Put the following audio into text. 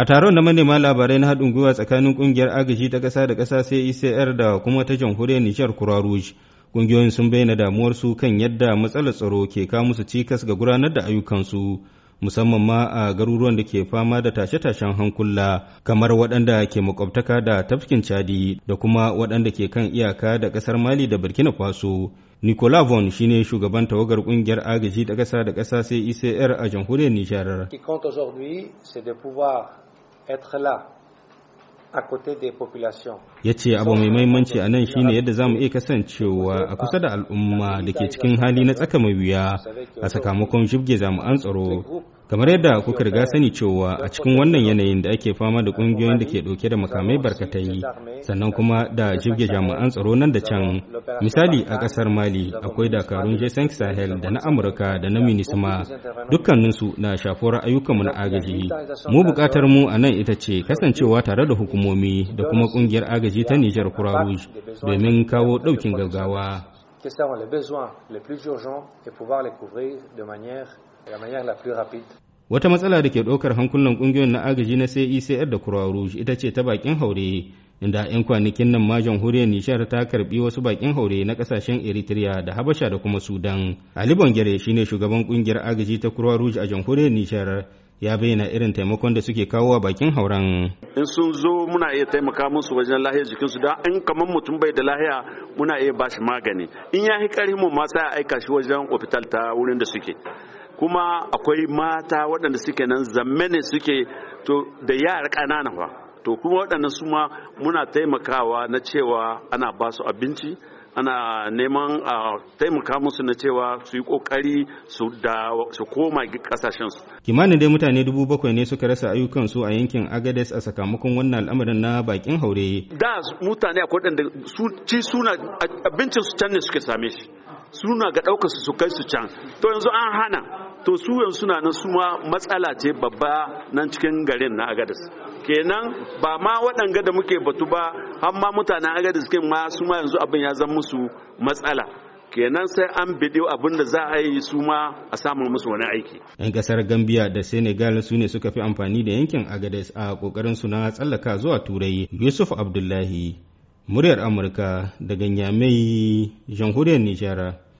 A taron na manema labarai na haɗin gwiwa tsakanin ƙungiyar agaji ta ƙasa da ƙasa CICR e da kuma ta jamhuriyar Nijar kura Kuraruj, ƙungiyoyin sun bayyana su kan yadda matsalar tsaro ke kawo musu cikas ga gudanar da ayyukansu, musamman ma a garuruwan da ke fama da tashe-tashen hankula, kamar waɗanda ke makwabtaka da tafkin Chadi da kuma waɗanda ke kan iyaka da ƙasar Mali da Burkina Faso. Nicola Von shine shugaban tawagar ƙungiyar agaji ta ƙasa da ƙasa sai e a jamhuriyar Nijar. ya ce abu mai mahimmanci a nan shine yadda za mu iya kasancewa a kusa da al'umma da ke cikin hali na tsaka mai wuya a sakamakon jibge jami'an tsaro kamar yadda kuka riga sani cewa a cikin wannan yanayin da ake fama da kungiyoyin da ke dauke da makamai barkatai sannan kuma da jibge jami'an tsaro nan da can misali a kasar mali akwai dakarun jason sahel da na amurka da na minisma dukkaninsu na shafuwar ayyukanmu na agaji mu bukatar mu a nan ita ce kasancewa tare da hukumomi da kuma kungiyar agaji ta nijar kura domin kawo daukin gaggawa qui seront les besoins les plus urgents et pouvoir les couvrir de manière Wata matsala da ke ɗaukar hankulan ƙungiyoyin na agaji na CECR da Croix Rouge ita ce ta bakin haure, inda 'yan kwanakin nan majan jamhuriyar Nishar ta karbi wasu bakin haure na ƙasashen Eritrea da Habasha da kuma Sudan. Ali bongere shi ne shugaban ƙungiyar agaji ta Croix Rouge a jamhuriyar Nishar. ya bayyana irin taimakon da suke kawo a bakin hauren. In sun zo muna iya taimaka musu wajen lahiyar jikinsu da in kamar mutum bai da lahiya muna iya ba shi magani. In ya yi karhi mu ma sai aika shi wajen ofital ta wurin da suke. kuma akwai mata waɗanda suke nan ne suke to da yara ƙanana fa to kuma waɗannan su ma muna taimakawa na cewa ana ba su abinci ana neman a taimaka musu na cewa su yi kokari su da su koma kasashensu. kimanin dai mutane dubu bakwai ne suka rasa ayyukansu a yankin agades a sakamakon wannan al'amarin na bakin haure da mutane a su ci suna abincin can ne suke same shi suna ga ɗaukar su kai su can to yanzu an hana to su yanzu suna nan su matsala ce babba nan cikin garin na agadis kenan ba ma waɗanga da muke batu ba har ma mutanen agadis kin ma su yanzu abin ya zama musu matsala kenan sai an bidiyo abin da za a yi su ma a samun musu wani aiki. 'Yan kasar Gambia da Senegal su ne suka fi amfani da yankin Agadis a kokarin su na tsallaka zuwa Turai. Yusuf Abdullahi muryar Amurka daga Nyamai, jamhuriyar Nijar.